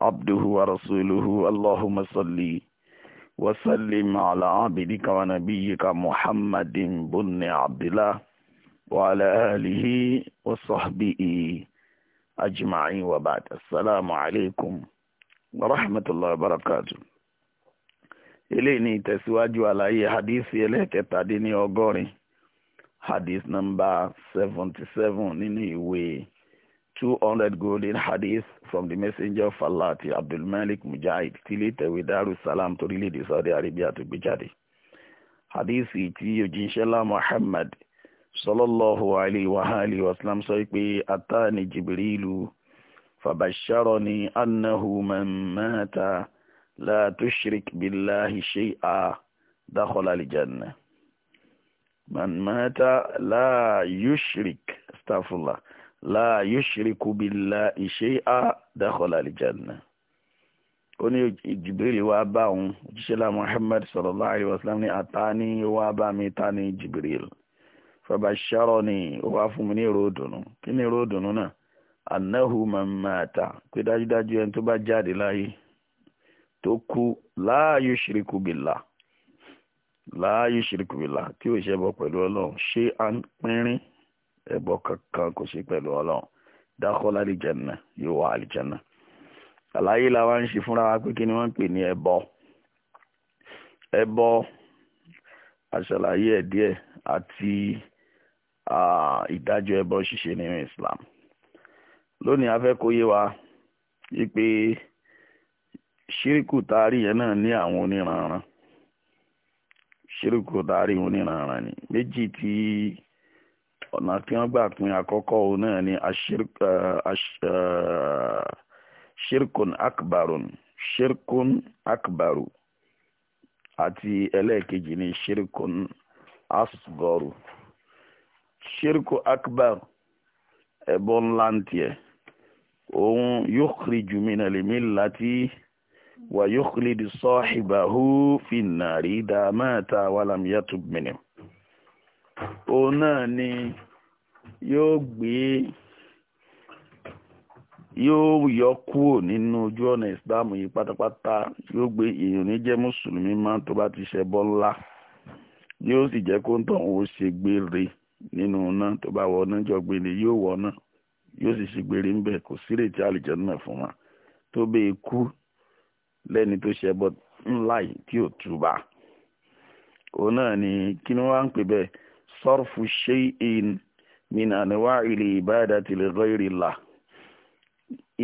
عبده ورسوله اللهم صل وسلم على عبدك ونبيك محمد بن عبد الله وعلى آله وصحبه أجمعين وبعد السلام عليكم ورحمة الله وبركاته eléyìí ni ìtẹ̀síwájú àlàyé hadithi ẹlẹ́kẹtàdínní ọgọ́rin hadith number seventy seven nínú ìwé 200 golden hadith from the messenger of Allah ti Abdulmalik Mujahid ti ilé ìtẹ̀wé Darussalam torílẹ̀-èdè Saudi Arabia tó gbé jáde hadith ti òjìṣẹ́lá Muhammad sallallahu alayhi wa alihi wa sallam sọ pé atani Jibrilu fabasharani annahu man mata la tushrik billahi shay'a dakhala al-jannah man mata la yushrik astaghfirullah la yushriku billahi shay'a dakhala al-janna ó ní jìbìrì wá bá òun òjíṣẹ́ lá muhammad sallallahu alayhi wa sallam ní àtàní wá bá mi ta ní jìbìrì fabasharani ó wá fún mi ní èrò òdùnnú kí ni èrò òdùnnú náà annahu man pé dájúdájú ẹni tó bá jáde láyé tó kú la yushriku billah la yushriku billah tí ó ṣẹbọ pẹ̀lú ọlọ́run ṣé à ń pínrín ẹbọ kankan kò ṣe pẹ̀lú ọlọ́run dákọ́lá àlìjẹ̀nà yóò wà àlìjẹ̀nà àlàyé la wá ń ṣe fúnra wa pé kí ni wọ́n ń pè ní ẹbọ ẹbọ àṣàlàyé ẹ̀ àti ìdájọ́ ẹbọ ṣíṣe nínú Islam lónìí a fẹ́ kó yé wa wípé ṣíríkù taari yẹn náà ní àwọn oníranran ṣíríkù taari oníranran ni méjì tí. Tí ọ̀nà tí wọ́n gbà pín àkọ́kọ́ òun náà ni ṣírkùn akbarun ṣírkùn akbaru àti ẹlẹ́ẹ̀kejì ni ṣírkùn asgọrù ṣírkù akbar ẹ̀bọ ńlá ń tiẹ̀ òun yukhriju mina l-millati wa yukhlidu sahibahu fin-nari idha mata wa lam yatub òun náà ni. yóò gbé yóò yọ kúrò nínú ojú ọ̀nà ìsìláàmù yìí pátápátá yóò gbé èèyàn ní mùsùlùmí máa tó ti ṣẹbọ ńlá yóò sì jẹ́ kó ń tàn ó ṣe gbére nínú náà tó bá wọ náà jọ gbére yóò wọ náà yóò sì ṣe gbére ńbẹ kò sírètí àlìjẹun náà fún wa tó bẹ́ẹ̀ e kú lẹ́ni tó ńlá yìí tí ò túbà òun náà ni kí ni wọ́n á ń pè bẹ́ẹ̀ sọ́rfù min anwa'il ibadati li ghayri Allah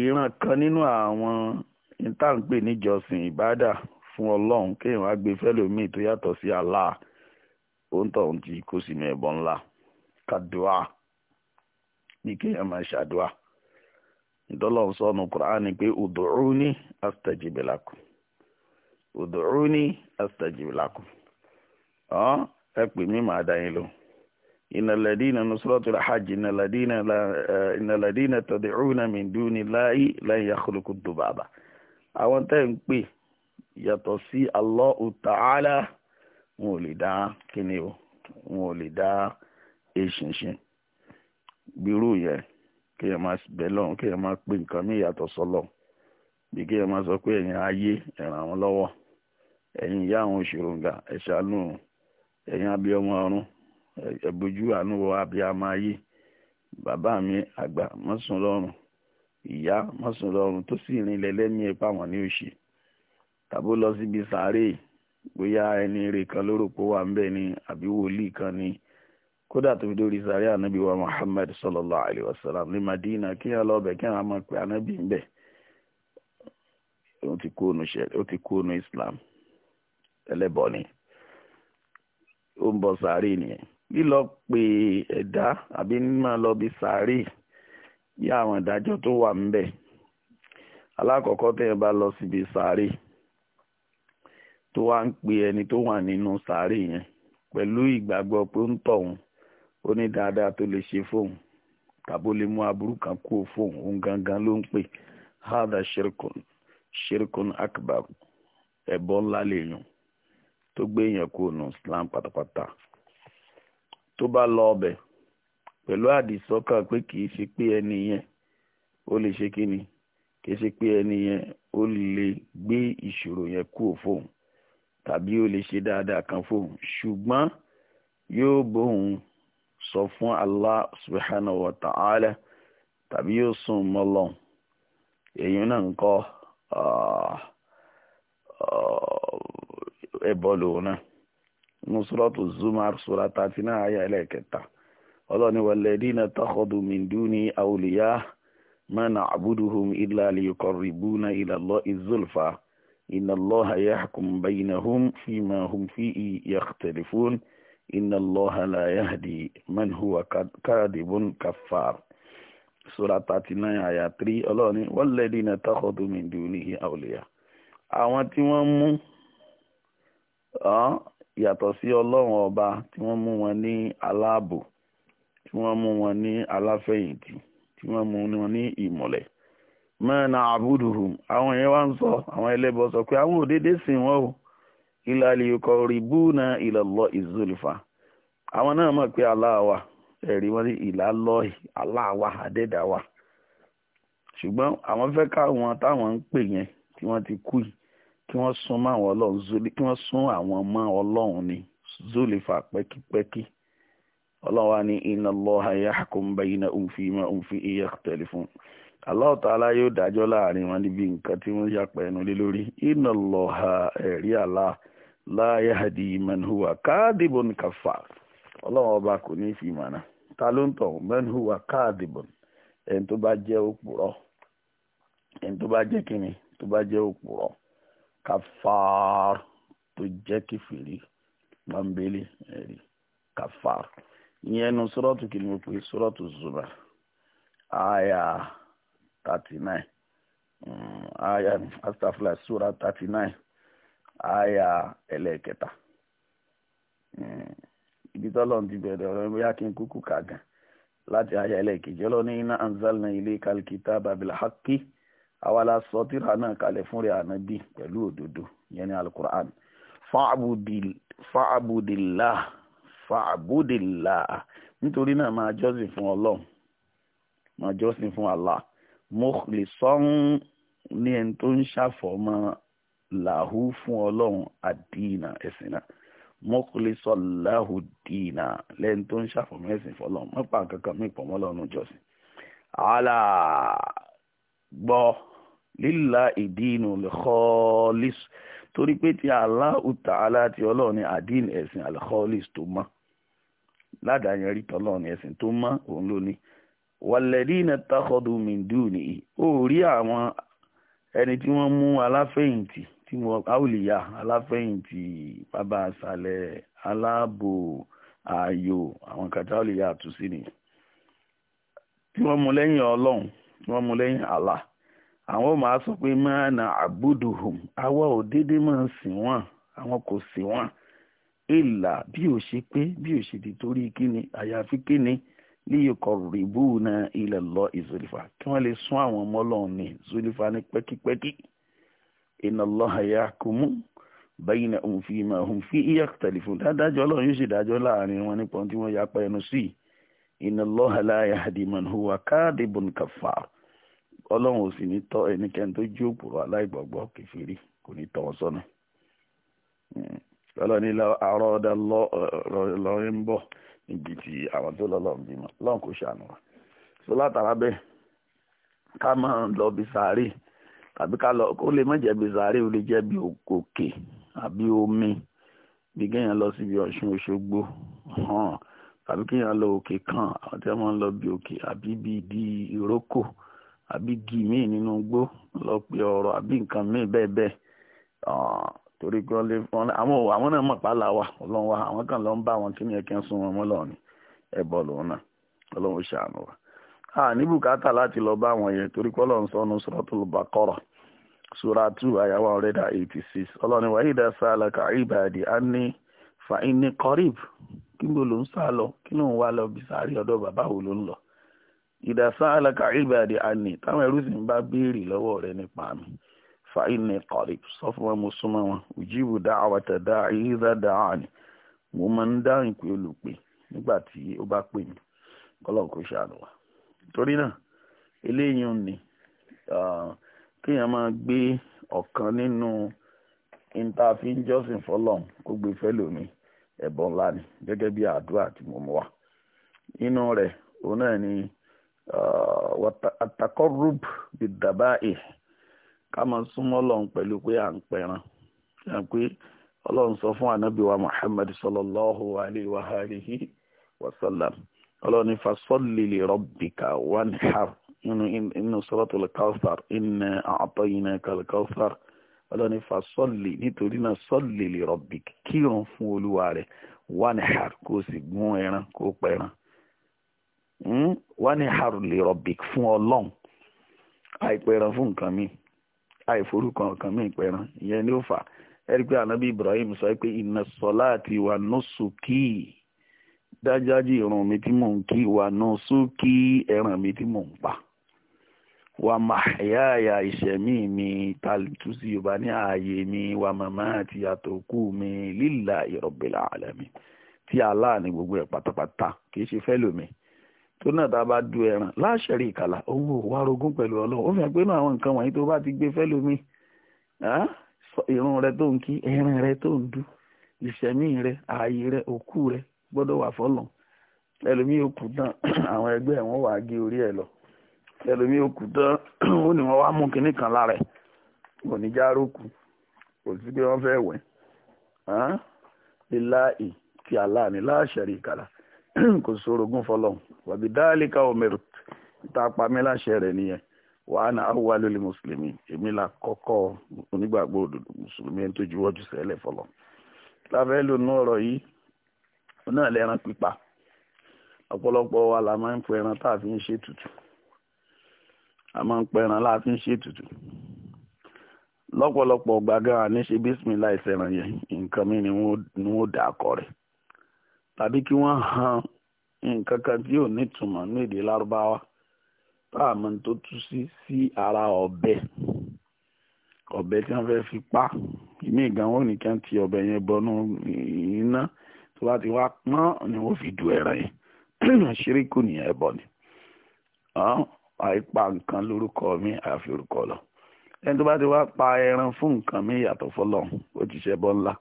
ìran kan nínú àwọn ìtàǹpè níjọsìn ìbádà fún ọlọ́run kéèyàn á gbé fẹ́lòmíì tó yàtọ̀ sí Allah òǹtọ̀hún ti kó sínú ẹbọ ńlá kàdùá bí kéèyàn máa ṣàdùá ìdọ́lọ́run sọ́nu kùránì pé ud'uni astajib lakum ud'uni astajib lakum ẹ pè mí màá dá yín lóhùn ìnàlẹ́dínà nusratul hajj ìnàlẹ́dínà eh, tad'una min dunillahi la yakhluqu dubaba àwọn tẹ́ ń pè yàtọ̀ sí Allahu ta'ala wọn ò lè dá kíni o wọn ò lè dá eṣinṣin gbèrú yẹn kí ẹ máa bẹ̀ lọ́hùn kí ẹ máa pè nǹkan mí yàtọ̀ sọ́lọ̀ bí kí ẹ máa sọ pé ẹ̀yin ayé ẹ ràn wọ́n lọ́wọ́ ẹ̀yin ìyá àwọn òṣèròǹgà ẹ ṣàánú ẹ̀yin abiyamọ ọ̀run ẹ̀bùjú àánú wọ abiyamọ ayé bàbá mi àgbà mọ́sùn lọ́rùn ìyá mọ́sùn lọ́rùn tó sì rìn lẹ́lẹ́mìí ẹ̀pá wọn ní òṣì tàbó lọ síbi sàárè bóyá ẹni rè kan lóró pó wà kan ni kódà tó fi dórí sàárè ànábì wa Muhammad ní Madina kí wọn lọ kí wọn máa ànábì ń ni ó lílọ pé ẹ̀dá àbí máa lọ bí sàárè bí àwọn ìdájọ́ tó wà ń bẹ̀ alákọ̀ọ́kọ́ tẹ́ ẹ bá lọ síbi sàárè tó wá ń pe ẹni tó wà nínú sàárè yẹn pẹ̀lú ìgbàgbọ́ pé ń tọ̀hún ó ní dáadáa tó lè ṣe fóun tàbó lè mú aburú kan kú fóun òun hada shirkun shirkun akbar ńlá tó gbé tó bá lọ ọbẹ̀ pẹ̀lú àdìsọ́kàn pé kì í ṣe pé ẹni yẹn ó lè ṣe kí ni kì ṣe pé ẹni yẹn ó lè gbé ìṣòro yẹn kúrò fóun tàbí kan fóun yóò bóun sọ fún Allah subhanahu wa ta'ala tàbí yóò sùn mọ́lọ́n èyí náà ń kọ́ nínú sọ́rọ́tù zumar sura thirty nine ayé ẹlẹ́ẹ̀kẹta ọlọ́ni walladina takhadu min duni awliya ma na'buduhum illa liyuqarribuna ila Allahi zulfa inna Allaha yahkum baynahum fima hum fihi yakhtalifun inna Allaha la yahdi man huwa kadibun kaffar sura thirty nine ayé three ọlọ́ni walladina takhadu min dunihi awliya àwọn tí wọ́n mú. yàtọ̀ sí ọlọ́run ọba tí wọ́n mú wọn ní aláàbò tí wọ́n mú wọn ní aláfẹ̀yìntì tí wọ́n mú wọn ní ìmọ̀lẹ̀ mẹ́rin àbúdùhùn àwọn yẹn wá ń sọ àwọn ẹlẹ́bọ sọ pé àwọn òdédé sìn wọ́n o ìlàlẹ̀ ikọ̀ na àwọn náà mọ̀ pé aláwa ẹ̀rí wọn ní ìlàlọ́ aláwa àdẹ́dàwa ṣùgbọ́n àwọn fẹ́ káwọn táwọn ń pè yẹn tí wọ́n ti kú kí wọ́n sún mọ́ àwọn ọlọ́run zoli kí wọ́n sún àwọn mọ́ ọlọ́run ni zolifa pẹ́kípẹ́kí ọlọ́run wa ní inna Allaha yahkum baynahum fima hum fihi yakhtalifun Allah Ta'ala yóò dájọ́ láàrin wọn níbi nǹkan tí wọ́n yà pẹ́ ẹnu lé lórí inna Allaha ẹ̀rí Allah la yahdi man huwa kadibun kafar ọlọ́run ọba kò ní fi mọ̀nà ta ló ń tọ̀ man huwa kadibun ẹni tó bá jẹ́ òpùrọ̀ ẹni tó bá jẹ́ kíni tó bá jẹ́ òpùrọ̀ kafar tó jẹ́ kẹfìrí gbàǹbélé ẹ̀rí kafar ìyẹn nu sọ́rọ́tù kí mo pè sọ́rọ́tù aya thirty nine aya hmm, astafla sura thirty nine aya ẹlẹ́ẹ̀kẹta hmm, ibi tọ́lọ̀ ti bẹ̀rẹ̀ ọ̀rọ̀ bóyá kí n kúkú kàgàn láti aya ẹlẹ́ẹ̀kejì ọlọ́ni iná anzal na alkitaba àwa la sọ tírà náà kalẹ̀ fún rẹ̀ ànábì pẹ̀lú òdodo yẹn ní alukur'an fa'abudilá fa'abudilá nítorí náà máa jọ́sìn fún ọlọ́run máa jọ́sìn fún Allah mukhlisan ní ẹni tó ń ṣàfọ̀mọ́ làhú fún ọlọ́run àdínà ẹ̀sìn náà mukhlisan lahu dínà lẹ́ni tó ń ṣàfọ̀mọ́ ẹ̀sìn fọlọ́run mọ́pàá kankan mí pọ̀ mọ́ lọ́run jọ́sìn. àlà gbọ́ lílà ìdínú alkholis torí pé ti Allahu Ta'ala ti ọlọ́run ní àdín ẹ̀sìn alkholis tó mọ́ ládàáyẹn rí tọ́lọ́run ẹ̀sìn tó mọ́ òun ló ní wàlẹ́dínà tàkọ́dù mìndú nìyí ó rí àwọn ẹni tí wọ́n mú aláfẹ̀yìntì tí wọ́n áwùlìyà aláfẹ̀yìntì bàbá àṣàlẹ̀ aláàbò ààyò àwọn kàtà áwùlìyà àtúnṣí nìyí tí wọ́n mú lẹ́yìn ọlọ́run tí wọ́n mú lẹ́yìn Allah àwọn ò máa sọ pé máa na àbúdùhùm àwa ò déédé máa sìn wọ́n àwọn kò sìn wọ́n ìlà bí ò ṣe pé bí ò ṣe ti torí kíni àyàfi kíni líyìkọ̀ rìbú na ilẹ̀ lọ ìzòlìfà kí wọ́n lè sún àwọn ọmọ ọlọ́run ní zòlìfà ní pẹ́kípẹ́kí iná lọ́hàyà kùmú bẹ́yìn náà òun fi máa òun fi iye tẹlifon dájọ́ ọlọ́run yóò ṣèdájọ́ láàrin wọn nípa ohun tí wọ́n yapa ẹnu sí iná lọ́hàlàyà àdìmọ̀nù wà káàdìbọ̀n kàfàrù ọlọ́run ò sì ní tọ́ ẹnikẹ́ni tó jí òpùrọ̀ aláìgbàgbọ́ kèfèrí kò ní tọ́ wọn sọ́nà hmm. ọlọ́ni àrọ́ọ̀dá lọ́rin ń bọ̀ níbi tí àwọn tó lọ́lọ́run bímọ lọ́n kò ṣàánú wa so látara bẹ́ẹ̀ ká máa lọ bí sàárè tàbí ká lọ kó lè má jẹ́ bí sàárè ó lè jẹ́ bí òkè àbí omi bí kéèyàn lọ síbi ọ̀ṣun òṣogbo tàbí kéèyàn lọ òkè kan àwọn tí wọ́n máa ń lọ bí òkè àbí bí ìdí ìrókò. àbí gi míì nínú gbó lọ pé ọrọ àbí nǹkan míì bẹẹ bẹẹ torí pé wọ́n lé àwọn àwọn náà mọ̀ ọlọ́run wa àwọn kan lọ ń bá wọn kí ẹ̀kẹ́ ń sun wọn ni lòun náà ọlọ́run yẹn torí pé ọlọ́run sọnù sura two eighty six ọlọ́run wa ìbàdí á ní fa kí ló ń lọ kí ló ń wá lọ bí ìdásá alaka ibadi ani táwọn ẹrú sì ń bá béèrè lọ́wọ́ rẹ nípa mi fa inni qarib sọ fún wa mo súnmọ́ wọn mo máa ń dá ìpè olùpè nígbà tí ó bá pè mí kọ́lọ̀ kò ṣàánú wa torí náà eléyìí ò kéèyàn máa gbé ọ̀kan nínú interfin jọ́sìn fọlọ́n kó gbé gẹ́gẹ́ bí àdúrà tí mo wa rẹ̀ òun náà àtàkọ́rùb bìdàbà ẹ̀ ká máa súnmọ́ ọlọ́run pẹ̀lú pé à ń pẹran pé ọlọ́run sọ fún ànábì wa muhammad sallallahu alayhi wa alihi wa sallam ọlọ́run ní fasọ́lì li rabbika wanhar nínú inú suratul kawthar inna a'tainakal kawthar ọlọ́run ní fasọ́lì nítorí náà sọ́lì li rabbika kírun fún olúwa rẹ̀ wanhar kó sì gún ẹran kó pẹran. Hmm? wọ́n ní harley robic fún ọlọ́run àìpẹ̀ràn fún nǹkan mi àìforúkọ nǹkan mi ìpẹ̀ràn ìyẹn ni ó fà ẹ̀rí pé ànábì ibrahim sọ pé inna salati wa nusuki dájájú ìrun mi tí mò ń kí wa nusuki ẹran mi tí mò ń pa wa mahyaya ìṣẹ̀mí mi tàlítúsí yorùbá ní ààyè mi wa mamati àtòkù mi lillahi rabbil alamin tí aláàánú gbogbo ẹ̀ pátápátá kì í ṣe fẹ́ lómi tó náà tá a bá du ẹran láṣẹrí ìkàlà òun ò rogún pẹ̀lú ọlọ́run ó fi hàn pé náà àwọn nǹkan wọ̀nyí tó bá ti gbé rẹ tó ń kí ẹran rẹ tó ń du ìṣẹ̀mí rẹ ààyè rẹ òkú rẹ gbọ́dọ̀ wà fọlọ ẹlòmíì ó tán àwọn ẹgbẹ́ wọn wàá gé orí ẹ lọ ẹlòmíì tán ó ní wọn wá mú kinní kan lára wọn fẹ́ wẹ̀ ẹ́ ilá ì ti láṣẹrí kò sórogún fọlọ́n wàbí dáálíkà omer tá a pa mí láṣẹ rẹ̀ nìyẹn wàá na awúwá lórí mùsùlùmí èmi là kọ́kọ́ onígbàgbọ́ òdodo mùsùlùmí ẹni tó juwọ́jú sẹ́lẹ̀ fọlọ́n láfẹ́ lónú ọ̀rọ̀ yìí náà lẹ́ran pípa ọ̀pọ̀lọpọ̀ wa la máa ń pẹ ẹran tá a fi ń ṣe tutù a máa ń pẹ ẹran tàbí kí wọ́n han nǹkan kan tí ò nítumọ̀ ní èdè lárúbáwá táàmù tó tú sí sí ara ọ̀bẹ ọ̀bẹ tí wọ́n fẹ́ fi pa ìmí ìgbà wọn ní kí wọ́n ti ọ̀bẹ yẹn bọnú iná tó bá ti wá pọ́n ni wọ́n fi du ẹran yẹn ṣíríkù nìyẹn ẹbọ ni àìpa nǹkan lórúkọ mi àfi orúkọ lọ ẹni tó bá ti wá pa ẹran fún nǹkan mi yàtọ̀ fọlọ́run ó ti ṣẹbọ ńlá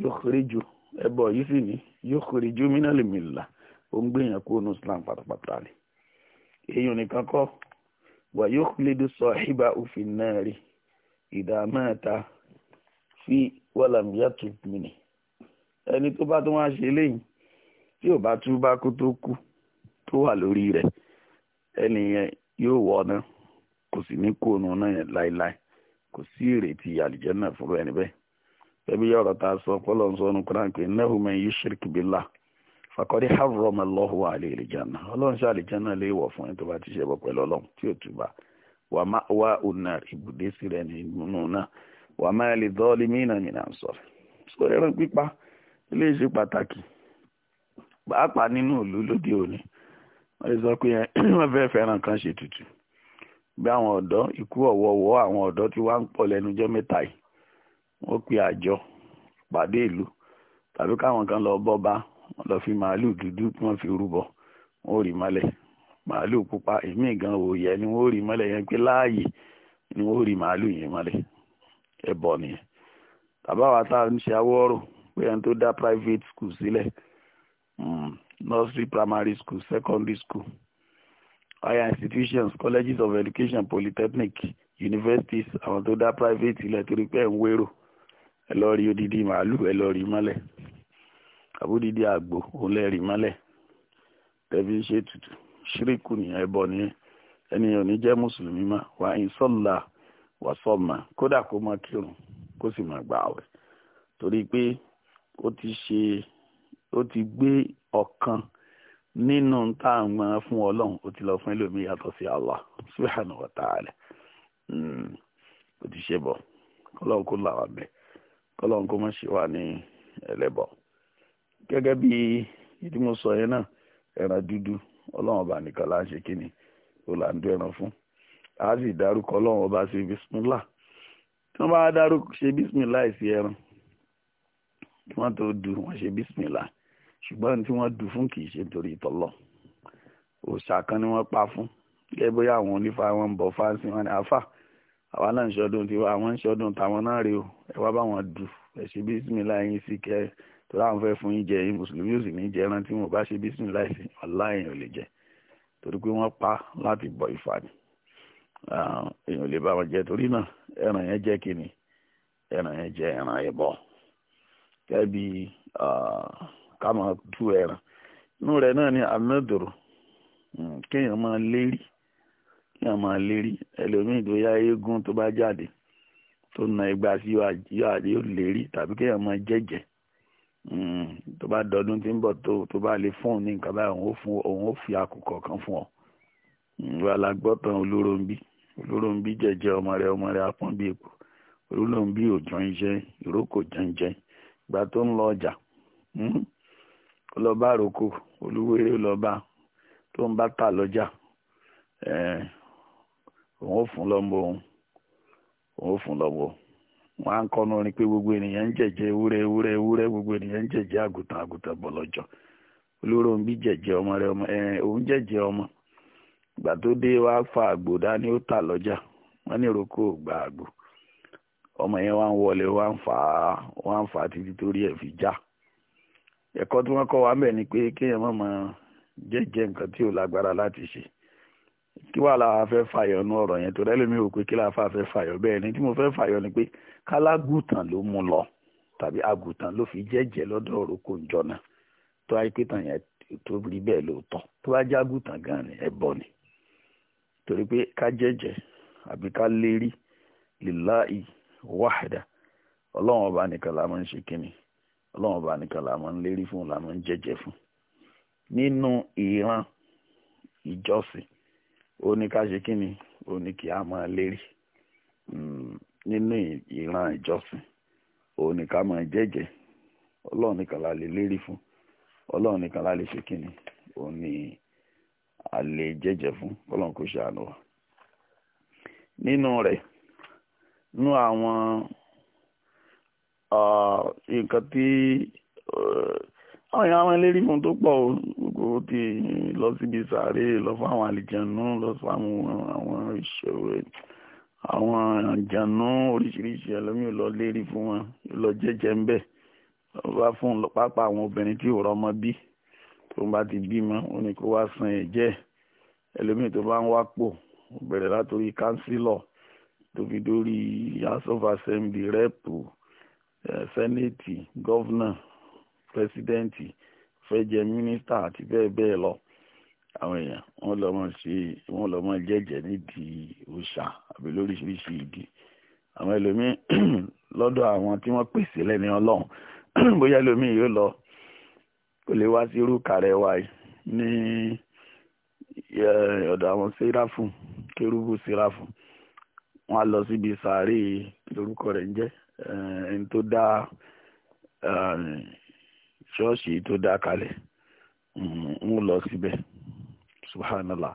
yóò kéré jù ẹbọ yìí sì ni yóò kórè ju mínàlì mìlá ó ń gbìyàn kúrò ní islam pátápátá ni èèyàn nìkan kọ́ wà yóò lédu sọ ìbá òfin náà rí ìdá mẹ́ta fi wàlàmìyà tó pinni ẹni tó bá tó wá ṣe léyìn tí ò bá tú bá kó tó kú tó wà lórí rẹ̀ ẹni yẹn yóò wọ náà kò sì ní kóònù náà yẹn láéláé kò sí ìrètí àlìjẹ náà ẹni ẹbí yẹ ọ̀rọ̀ tá a sọ pọlọ ń sọ ọnù kuran pé innahu man yushrik billah faqad harrama Allahu alayhi al-janna Ọlọ́run ṣe àlìjánná lè wọ fún ẹ tó bá ti ṣe bọ pẹ̀lú Ọlọ́run tí ò tù bá wà má wà ọ̀nà ibùdó sí rẹ nínú náà wà má lè dọ́ọ̀lì mìíràn mìíràn sọ sọ ẹran pípa ilé ṣe pàtàkì pàápàá nínú ìlú lóde òní wọ́n sọ pé wọ́n fẹ́ fẹ́ràn kan ṣètùtù bí àwọn ọ̀dọ́ ikú ọ̀wọ̀ọ̀wọ́ àwọn ọ̀dọ́ tí wọ́n ń pọ̀ lẹ́nu jọ́ mẹ́ta yìí wọ́n pe àjọ pàdé ìlú tàbí káwọn kan lọ bọ́ba wọ́n lọ fi màálù dúdú tí wọ́n fi rúbọ wọ́n rì mọ́lẹ̀ màálù pupa èmi gan òòyẹ ni wọ́n rì mọ́lẹ̀ yẹn pé láàyè ni wọ́n rì màálù yẹn mọ́lẹ̀ ẹbọ nìyẹn tàbá wa tá a ń ṣe awọ́rò pé ẹni tó dá private school sílẹ̀ hmm, nursery primary school secondary school higher institutions colleges of education polytechnic universities àwọn tó dá private ilẹ̀ torí pé ẹ̀ ń wérò ẹ lọ rí odidi màálùú ẹ lọ rí mọ́lẹ̀ àbódidi àgbò òun lẹ́rìí mọ́lẹ̀ tẹ̀bí ṣe tutù ṣíríkù nìyẹn ẹbọ nìyẹn ẹnìyàn ní jẹ́ mùsùlùmí mọ́ wà ń sọ́la wà sọ́mà kódà kó máa kírun kó sì máa gbà àwẹ̀ torí pé ó ti ṣe ó ti gbé ọ̀kan nínú tá à ń máa fún ọlọ́run ó ti lọ fún ẹlòmíì yàtọ̀ sí Allah subhanahu wa ta'ala hmm, ó ti ṣe bọ̀ ọlọ́run kó là wà bẹ́ẹ̀ kọ́lọ́n kó má ṣe wà ní ẹlẹ́bọ gẹ́gẹ́ bí ìdí mo sọ yẹn náà ẹran dúdú ọlọ́run ọba nìkan là ń ṣe kíni ó là ń dún ẹran fún a sì dárúkọ ọlọ́run ọba ṣe bisimilá tí wọ́n bá dárúkọ ṣe bisimilá ìsí ẹran tí wọ́n tó dùn wọ́n ṣe bisimilá ṣùgbọ́n tí wọ́n dùn fún kì í ṣe nítorí ìtọ́lọ́ òòṣà kan ni wọ́n pa fún gẹ́gẹ́ bóyá àwọn onífà wọn ń bọ̀ fáńsì wọn ni àáfà àwa náà ń ṣọdún tiwa àwọn ń ṣọdún tàwọn náà rèé o ẹ wá bá wọn dù ẹ ṣe bísímìlá yín sí kẹ tó láwọn fẹ́ fún yín jẹ yín mùsùlùmí ò sì ní jẹ ẹran tí wọn bá ṣe bísímìlá sí ọláyìn ò lè jẹ torí pé wọ́n pa láti bọ Ifá ni èèyàn ò lè bá wọn jẹ torí náà ẹran yẹn jẹ kíni ẹran yẹn jẹ ẹran ẹbọ kẹbi ká máa tú ẹran inú rẹ̀ náà ni amẹdòrò hmm, kéèyàn máa lérí kí wọ́n máa lérí ẹlòmíì tó yá eégún tó bá jáde tó na igba sí yóò lérí tàbí kí wọ́n máa jẹ́jẹ́ hmm, tó bá dọdún tí ń bọ̀ tó tó bá lè fún òun ní nǹkan báyìí òun ó fún òun ó fi àkùkọ kan fún ọ hmm, ìwà làgbọ́tàn olóròǹbí olóròǹbí jẹ́jẹ́ ọmọ rẹ̀ ọmọ rẹ̀ apọ́n bí epo olóròǹbí ò jọ ń jẹ́ ìrókò jẹ́njẹ́ ìgbà tó ń lọ ọjà ọlọ́ba hmm, àròkò olúwèrè lọ́ba tó ń bá tà lọ́jà òun ò fún lọ́mọ òun òun ò fún lọ́mọ wọn á ń kọ́ lórin pé gbogbo ènìyàn ń jẹ̀jẹ̀ ewúrẹ́ ewúrẹ́ ewúrẹ́ gbogbo ènìyàn ń jẹ̀jẹ̀ àgùntàn àgùntàn bọ̀lọ́jọ́ olóró ń bí ọmọ rẹ ọmọ fa àgbò dání ó tà lọ́jà gba àgbò ọmọ yẹn wá ń wọlé wá ń fà á wá wa ni pé kéèyàn má máa jẹ́jẹ́ nǹkan tí ò lágbára kí wàá làwọn afẹ́ fàyọ̀ nu ọ̀rọ̀ yẹn tó rẹ́ lómi ò pé kí làwọn afẹ́ fàyọ̀ bẹ́ẹ̀ ni tí mo fẹ́ fàyọ̀ ni pé kálágùtàn ló mú lọ tàbí àgùtàn ló fi jẹ́jẹ́ lọ́dọ̀ òrókò ńjọ náà tó ayé pé tàn yẹn tó rí bẹ́ẹ̀ lóòótọ́ tó bá jágùtàn gan ni ẹbọ ni torí pé ká jẹ́jẹ́ àbí ká lérí lillahi wahda ọlọ́run ọba nìkan la máa ń ṣe kínni ọlọ́run ọba ìjọsìn ó ní ká ṣe kíni ó ní kí a máa lérí hmm, nínú ìran ìjọsìn ó ní ká máa jẹ́jẹ́ ọlọ́run nìkan la lè lérí fún ọlọ́run nìkan la lè ṣe kíni ó ní a lè jẹ́jẹ́ fún ọlọ́run kò ṣe àná wa nínú rẹ̀ nú àwọn ah, nǹkan tí eh, àwọn àwọn eléré fún tó pọ̀ kò ti lọ síbi sàárè lọ fún àwọn àlìjànú lọ fún àwọn àwọn ìṣòro àwọn àjànú oríṣiríṣi ẹlòmíì lọ lérí fún wọn lọ jẹjẹ ń bẹ wá fún pápá àwọn obìnrin tí ò rọmọ bí tó bá ti bímọ ó ní kó wá san ẹ̀jẹ̀ ẹlòmíì tó bá ń wá pò bẹ̀rẹ̀ látòrí kánsílọ̀ tó fi dórí house of assembly rẹ́pù eh, sẹ́nẹ̀tì pírẹsidẹ́ǹtì fẹ́ jẹ mínísítà àti bẹ́ẹ̀ bẹ́ẹ̀ lọ àwọn èèyàn wọn lọ mọ ṣe wọn lọ mọ jẹjẹ nídìí òòṣà àbí lóríṣiríṣi ìdí àwọn ẹlòmíín lọ́dọ̀ àwọn tí wọ́n pèsè lẹ́ni ọlọ́run bóyá ẹlòmíín yóò lọ kó lè wá sí irú kàrẹ wa ní ọ̀dọ̀ àwọn sẹ́ráfù kérúbù sẹ́ráfù wọn á lọ síbi sàárè lórúkọ rẹ̀ ń jẹ́ ẹni tó dá ṣọ́ọ̀ṣì tó dá kalẹ̀ ń mm-hmm. lọ síbẹ̀ subhanallah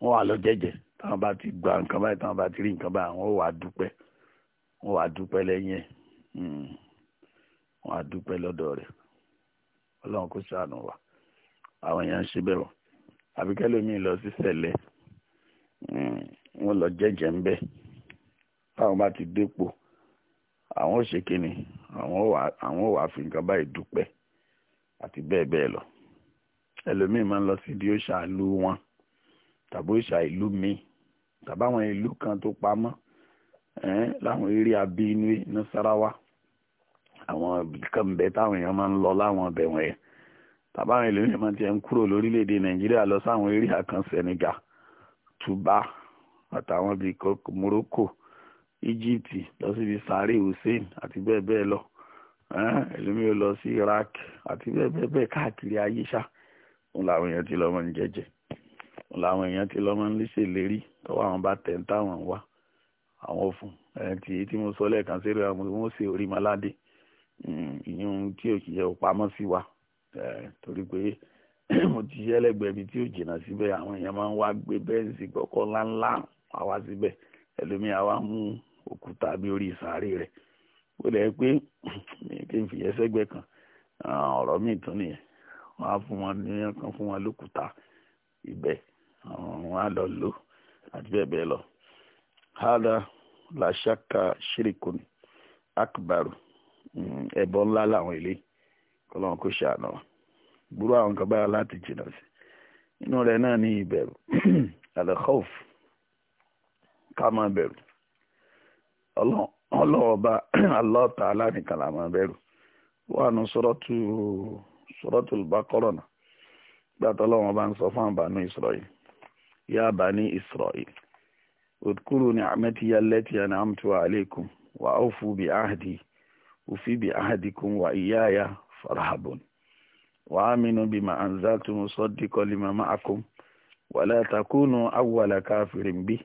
wọ́n wà lọ jẹ́jẹ́ táwọn bá ti gba nǹkan báyìí táwọn bá ti rí nǹkan báyìí wọ́n wà dúpẹ́ wọ́n wà dúpẹ́ lẹ́yìn ẹ̀ mm-hmm. wọ́n wà dúpẹ́ lọ́dọ̀ rẹ̀ ọlọ́run kò ṣàánú wa àwọn èèyàn ń ṣe bẹ́ẹ̀ wọ́n àbíkẹ́ lómi lọ sí sẹ̀lẹ̀ mm-hmm. wọ́n lọ jẹ́jẹ́ ń bẹ̀ táwọn bá ti dépò àwọn ò ṣe kínni àwọn ò wà fi nǹkan báyìí dúpẹ́ àti bẹ́ẹ̀ bẹ́ẹ̀ lọ ẹlòmíì máa ń lọ sí di òòṣà ìlú wọn tàbí òòṣà ìlú míì tàbáwọn ìlú kan tó pamọ́ ẹ̀ẹ́n láwọn eré abínú nasarawa àwọn kan bẹ táwọn èèyàn máa ń lọ láwọn ọbẹ̀ wọ̀nyẹn tàbáwọn ẹlòmíì máa ti ń kúrò lórílẹ̀‐èdè nàìjíríà lọ sáwọn eré àkàn Senegal Tuba àtàwọn bíi Morocco Egypt lọ síbi sáré Hussein àti bẹ́ẹ̀ bẹ́ẹ̀ lọ ẹlòmí ò lọ sí Iraq àti bẹ́ẹ̀ bẹ́ẹ̀ bẹ́ẹ̀ káàkiri ayé ṣá òun làwọn èèyàn ti lọ́mọ ń jẹ́jẹ́ òun làwọn èèyàn ti lọ́mọ ń léṣèlérí tọ́wọ́ àwọn bá tẹ̀ ń táwọn wá àwọn fún ẹtì tí mo sọ lẹ́ẹ̀kan sí ìrora wọn sì orí maládé hmm, ìyẹn ohun tí ò yẹ pamọ́ sí wa torí pé mo ti ṣe ẹlẹ́gbẹ̀ẹ́ ibi tí ò jìnnà síbẹ̀ àwọn èèyàn máa ń wá gbé bẹ́ẹ̀nsì kọ́kọ́ ńláńlá àwa síbẹ̀ ẹlòmíà wa mú òkúta bí orí ìsàárè rẹ̀ ó lẹ́ pé kí n fìyẹ́ kan ọ̀rọ̀ míì tún nìyẹn wọ́n á fún wọn ní ọkàn fún wọn lókùúta ibẹ̀ wọ́n á lọ lò àti bẹ́ẹ̀ bẹ́ẹ̀ lọ. hada làṣàkà ṣírìkùn akbaru mm, ẹ̀bọ ńlá làwọn ilé kọ́lọ́n kò ṣàánà gbúrú àwọn kan láti jìnnà sí inú rẹ̀ náà ní ìbẹ̀rù ọlọ́ọ̀ba Allah Ta'ala nìkan la máa bẹ̀rù wà nù sọ́rọ́tù sọ́rọ́tù Baqara náà gbàtọ́ lọ́wọ́n bá ń sọ fún àbánú Isra'il yá bani Isra'il udkuru ni'mati allati an'amtu alaykum wa awfu bi ahdi ufi bi ahdikum wa iyaya farhabun wa aminu bima anzaltu musaddiqan lima ma'akum wa la takunu awwala kafirin bihi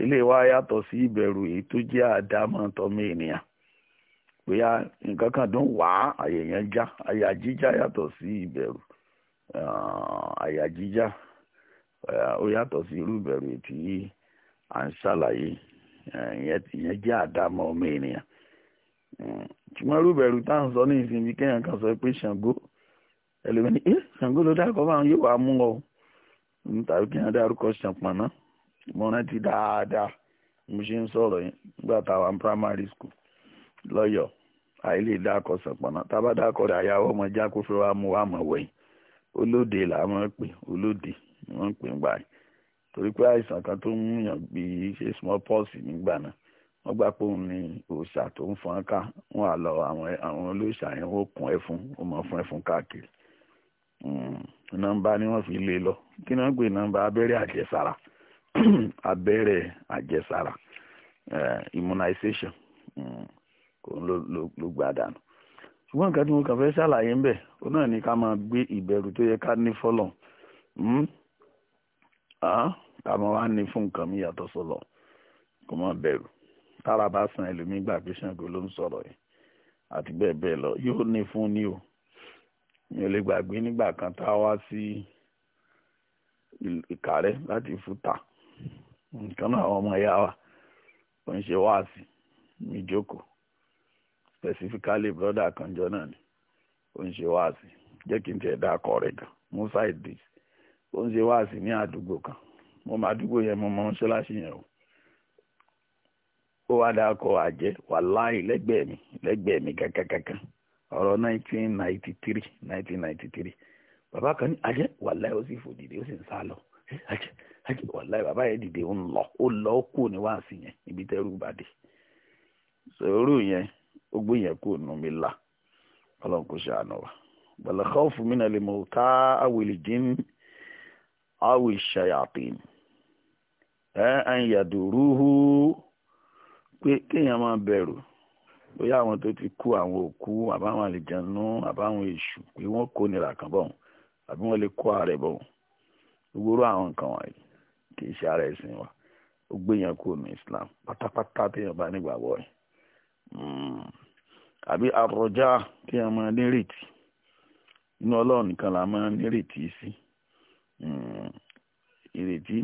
ilé wa yàtọ̀ sí ìbẹ̀rù èyí tó jẹ́ àdámọ́ tọmọ ènìyàn bóyá nǹkan kan dún wá àyè já àyà yàtọ̀ sí ìbẹ̀rù àyà eh, ó yàtọ̀ sí irú ìbẹ̀rù tí à ń ṣàlàyé eh, ìyẹn jẹ́ àdámọ́ ọmọ ènìyàn hmm, ṣùgbọ́n irú ìbẹ̀rù tá à ń sọ ní ìsinmi kéèyàn kan sọ pé ẹlòmíní eh, ló yóò wá mú ọ tàbí kéèyàn dárúkọ mo rántí dáadáa mo ṣe ń sọ̀rọ̀ yẹn nígbà táwa ní primary school lọ́yọ̀ọ́ àìlè dákọ̀ sọ̀pọ̀nà tábà dákọ̀ rẹ̀ àyàwó ọmọ ẹja kó fẹ́ wá mú wa mọ̀ wẹ̀yìn olóde làwọn pè olóde ni wọ́n pè ń báyìí torí pé àìsàn kan tó ń múyàn bí i ṣe small pox nígbà náà wọ́n gbà pé òun ni òòṣà tó ń fọn ká wọ́n á lọ àwọn olóòṣà yẹn ó kún ẹfun ó mọ̀ fún ẹfun káàkiri hmm, nọ́mbà ni wọ́n fi lé lọ kí náà gbé nọ́mbà abẹ́rẹ́ àjẹsára abẹ́rẹ́ àjẹsára eh, immunization mm, òun ló gbà dànù ṣùgbọ́n nǹkan tí mo kàn fẹ́ ṣàlàyé ń bẹ̀ ó náà ní ká máa gbé ìbẹ̀rù tó yẹ ká ní fọ́lọ̀ hmm? ah, ká máa wá ní fún nǹkan mi yàtọ̀ sọ̀lọ̀ kó má bẹ̀rù tára bá san ẹlòmíín gbà pé Ṣàngó ló ń sọ̀rọ̀ yìí àti bẹ́ẹ̀ bẹ́ẹ̀ lọ yóò ní fún ni o mi ò lè gbàgbé nígbà kan tá a wá sí ìkàrẹ́ láti fúta nke náà ọmọ ya wa o ń ṣe mi jókòó specifically brother kanjọ náà ni ó ṣe kí n tiẹ̀ akọ Musa Idris ó ń ní kan mo máa dúgbò yẹn mo o ó wá dá akọ àjẹ́ wàláì lẹ́gbẹ̀ẹ́ mi mi bàbá kan ní àjẹ́ wàláì ó sì fò ó sì ń sá lọ àjẹbọ̀ láì bàbá yẹn dìde ó ń lọ ó lọ ó kù ní wáàsí yẹn ibi tẹ́rù bá dé sòrò yẹn ó gbé yẹn kù nù mí là ọlọ́run kò ṣàánú wa bàlẹ̀ khawfu mina lè mọ̀ ká awil jinn awil shayatin ẹ̀ ẹ̀ ń yàdùrúhù pé kéèyàn máa bẹ̀rù bóyá àwọn tó ti kú àwọn òkú àbáwọn àlejànú àbáwọn èṣù pé wọ́n kó nira kan bọ̀ àbí wọ́n lè kó ààrẹ bọ̀ gbogbo àwọn nǹkan wọ̀nyí kì í ṣe ara ẹ̀sìn wa ó gbéyàn kúrò ní islam pátápátá téèyàn bá nígbàgbọ́ rẹ̀ hmm. àbí àròjà téèyàn máa nírètí inú ọlọ́run nìkan la máa nírètí sí hmm. ìrètí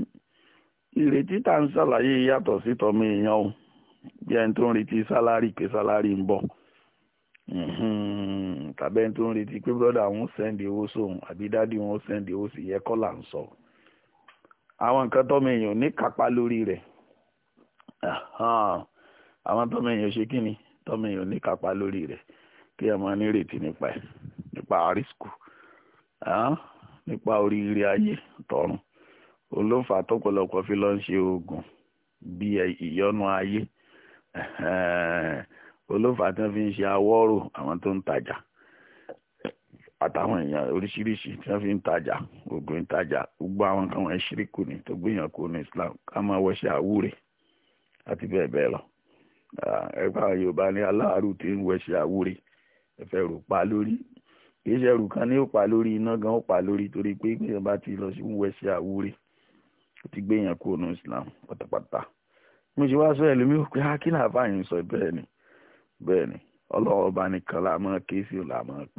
ìrètí tá ń ṣàlàyé yàtọ̀ sí tọmọ èèyàn o bí ẹni tó ń retí sálárì pé sálárì ń bọ̀ hmm. tàbí ẹni tó ń retí pé brọ́dà wọn sẹ́ndì owó sóun àbí dádì wọn sẹ́ndì owó sí yẹ kọ́ ń sọ àwọn nǹkan tọ́mọ èèyàn ní kápá lórí rẹ̀ àwọn tọ́mọ èèyàn ṣe kí ni tọ́mọ èèyàn ní kápá lórí rẹ̀ kí ẹ máa nírètí nípa ẹ̀ nípa àrísìkò nípa oríire ayé tọ̀run olófà tọ́pọ̀lọpọ̀ fi lọ ń ṣe oògùn bí ìyọnu ayé olófà tí wọ́n fi ń ṣe awọ́rò àwọn tó ń tajà àtàwọn èèyàn oríṣiríṣi tí wọ́n fi ń tajà oògùn ń tajà gbogbo àwọn kan wọ́n ṣíríkù ni tó gbìyàn kú ní Islam ká máa wẹṣẹ́ àwúre àti bẹ́ẹ̀ bẹ́ẹ̀ lọ ẹgbẹ́ àwọn Yorùbá ní aláàárù tí ń wẹṣẹ́ àwúre ẹ̀fẹ́ rò pa lórí kì í ṣe ẹrù kan ní ó pa lórí iná gan ó pa lórí torí pé gbìyàn bá ti lọ sí ń wẹṣẹ́ àwúre ó ti gbìyàn kú ní Islam pátápátá mo ṣe wá sọ ẹlòmíràn pé ah, kí làbáyé ń sọ bẹ́ẹ̀ ni bẹ́ẹ̀ ni ọlọ́wọ́ bá nìkan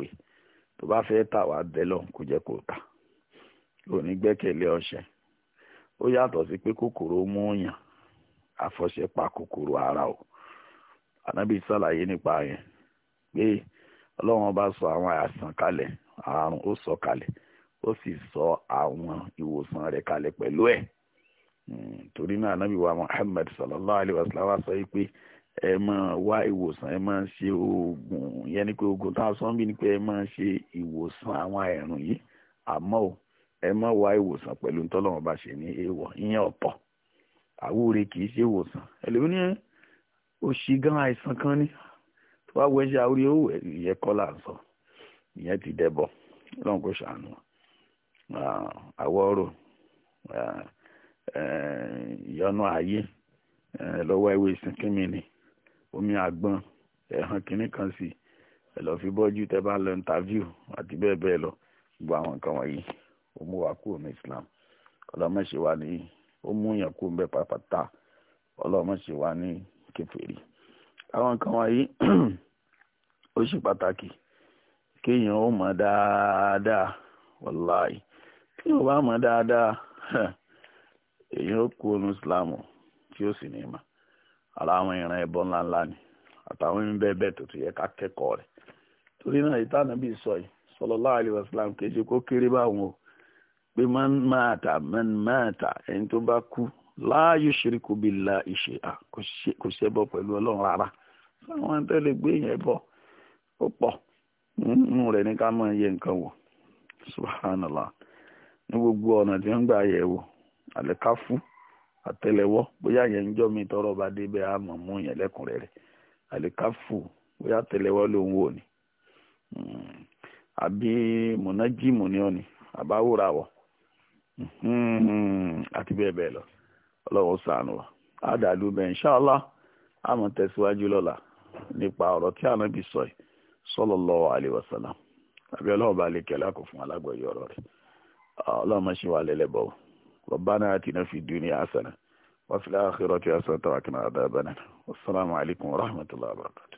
tó bá fẹ́ tà wá dẹ́lọ̀ kò jẹ́ kó tà ò ní gbẹ́kẹ̀lé ọṣẹ ó yàtọ̀ sí pé kòkòrò mú yàn àfọṣẹ pa kòkòrò ara o ànábì sàlàyé nípa yẹn pé ọlọ́run ọba sọ àwọn àìsàn kalẹ̀ àrùn ó sọ kalẹ̀ ó sì sọ àwọn ìwòsàn rẹ̀ kalẹ̀ pẹ̀lú ẹ̀ hmm, torí náà ànábì wa Muhammad sallallahu alayhi wa sallam sọ yìí pé. ẹ máa wá ìwòsàn ẹ máa ṣe oògùn yẹn ni pé oògùn tá a sọ ń bí ni pé ẹ máa ṣe ìwòsàn àwọn àìrùn yìí àmọ́ o ẹ má wá ìwòsàn pẹ̀lú ntọ́lọ́wọ́n bá ṣe ní èèwọ̀ ìyẹn ọ̀pọ̀ àwúre kì í ṣe ìwòsàn ẹlòmíì ní òṣì gan àìsàn kan ní tó bá wẹ́ṣẹ́ àwúre ó ìyẹn kọ́ là ń sọ ìyẹn ti dẹbọ lọ́n kó ṣàánú àwọ̀rò ìyọnu ayé lọ́wọ́ ìwé ìsìnkí mi omi àgbọn ẹ̀hàn kìnnì kan sí ẹ lọ fi bọ́jú tẹ bá lọ interview àti bẹ́ẹ̀ bẹ́ẹ̀ lọ gbogbo àwọn nǹkan wọ̀nyí ó mú wa kúrò ní Islam ọlọ́mọṣẹ́ wa ní ó mú yàn kúrò ń bẹ́ pàápàá ọlọ́mọṣẹ́ wa ní kèfèrí àwọn nǹkan wọ̀nyí ó ṣe pàtàkì kéèyàn ó mọ̀ dáadáa wàláì tí o bá mọ̀ dáadáa èyàn ó kú ọ̀nà Islam tí ó sì ní í ala àwọn ìran ẹbọ ńláńlá ni àtàwọn ẹni bẹ́ẹ̀ bẹ́ẹ̀ tó ti yẹ ká kẹ́kọ̀ọ́ rẹ̀ torí náà ìtànà bíi sọ yìí sallallahu alaihi kejì kó kéré báwọn o pé man man ẹni tó bá kú la yushriku billahi kò ṣe bọ pẹ̀lú Ọlọ́run rárá sáwọn tẹ́lẹ̀ gbé yẹn bọ ó pọ̀ nínú rẹ̀ ní ká máa yẹ nǹkan wò subhanallah ní gbogbo ọ̀nà tí wọ́n gbà àtẹ́lẹwọ́ bóyá yẹn ń jọ mi tọrọ bá débẹ̀ á mú yẹn lẹ́kùnrẹ́rẹ́ àlìkáfù bóyá ló ń wò ni hmm. àbí mọ̀nájìmù ni ọ ni àbáwòrà wọ̀ hmm. àti bẹ́ẹ̀ bẹ́ẹ̀ lọ ọlọ́wọ́ sànù wa àdàlù bẹ́ẹ̀ inṣàlá àmọ̀ tẹ̀síwájú lọ́la nípa ọ̀rọ̀ tí ànábì sọ yìí sallallahu alaihi wasallam àbí ọlọ́wọ́ bá lè fún ربنا آتنا في الدنيا حسنة وفي الآخرة حسنة وقنا عذاب النار والسلام عليكم ورحمة الله وبركاته